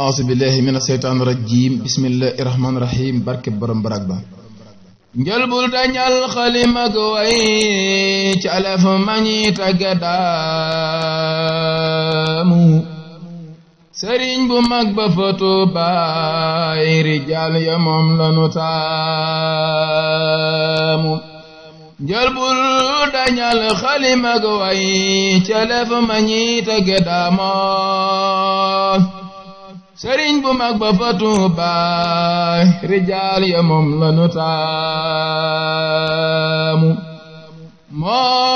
auzu billahi mina seytaani rajiim bismillahi rahmaani rahiim dañal xalimag way ci alef mañi tagga bu mag ba fatu baay rijaal ya moom lanu taamu sëriñ bu mag ba fa Tuubaa rijaal ya la nu taamu moo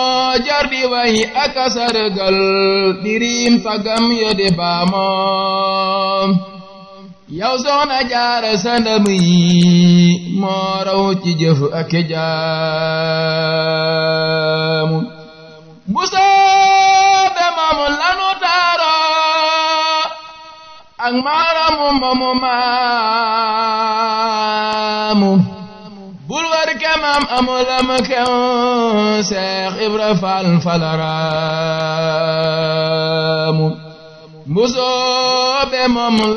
jar di way ak a sargal di riim sagam ya di baamoom yow soxna jaara sa moo raw ci jëf ak jaamu ak maaramu moomu maamu bul war kemaam amul am kew Seex Ibra Faal falaraamu mbusoobe moom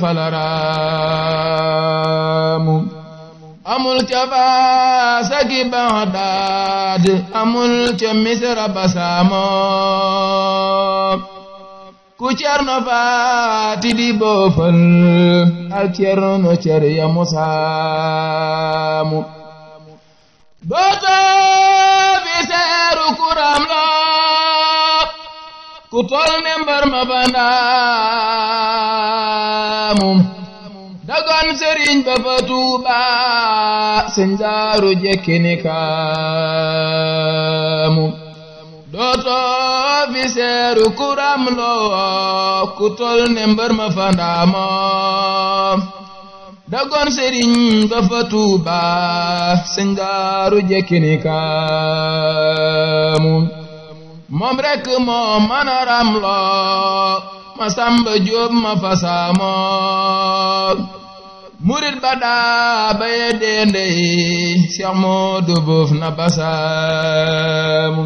falaraamu amul ca faasaki Baxdaad amul ca misra ba ku cerno faati di boofal ak cerno cer ya mu seeru kuram loo ku tol ne mbar ma bandaamu doon sëriñ ba fa Tuuba sëñ saaru jekki ni kaamu dootoo fi seeru kuram loo ku tol ne mbër ma fa ndaamoo dagoon sëriñ ba fa Tuuba sëñ saaru jekki ni kaamu moom rek moo mën a ram loo ma samba jóob ma fa saamoo murit ba daa baye deende yi Seex Moodu Buuf na basaamu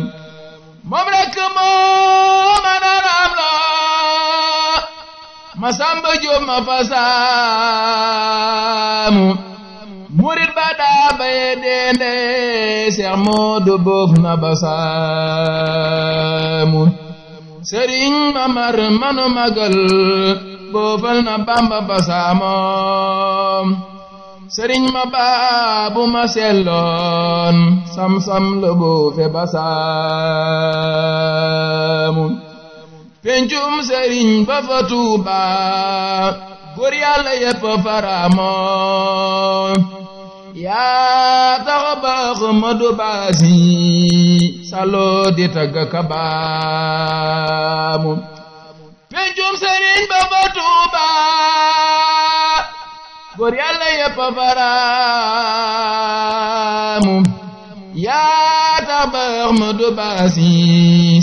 moom rekk moo ma naraam la ma samba Jóob ma fasaamu murit ba daa baye deende yi Seex Moodu Buuf na basaamu Sëriñ Mamar manu magal boofal na bamba basaamoom sëriñ ma baabu ma selloon sam-sam la boofe basaamu pencum sëriñ ba fa tuuba góor yàlla yépp faraamoom yaa taxa baax ma du baasi saloo di tagga kabaamu pencum sëriñ Bamba Tuuba góor yàlla yépp a faraamu yaa tabax ma du baasi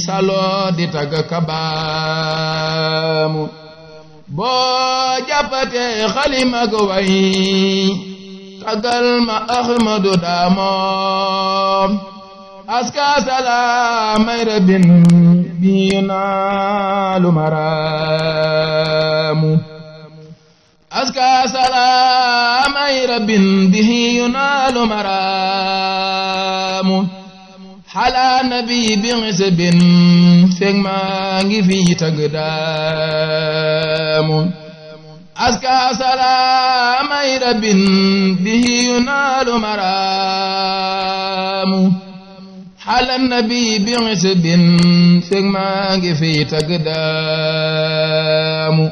saloo di tagg kabaamu boo jàppatee xalima ko way taggal ma Ahmadu daamoom aska salaam ay bi yunaalu maraamu aska salaam ay rabbin bihi yunaalu maraamu xalaa nabi bi xisabin fekk maa ngi fi tagg daamu aska salaam ay rabbin bihi yunaalu maraamu ala nabi bi xisbin fekk maa ngi fi tagg daamu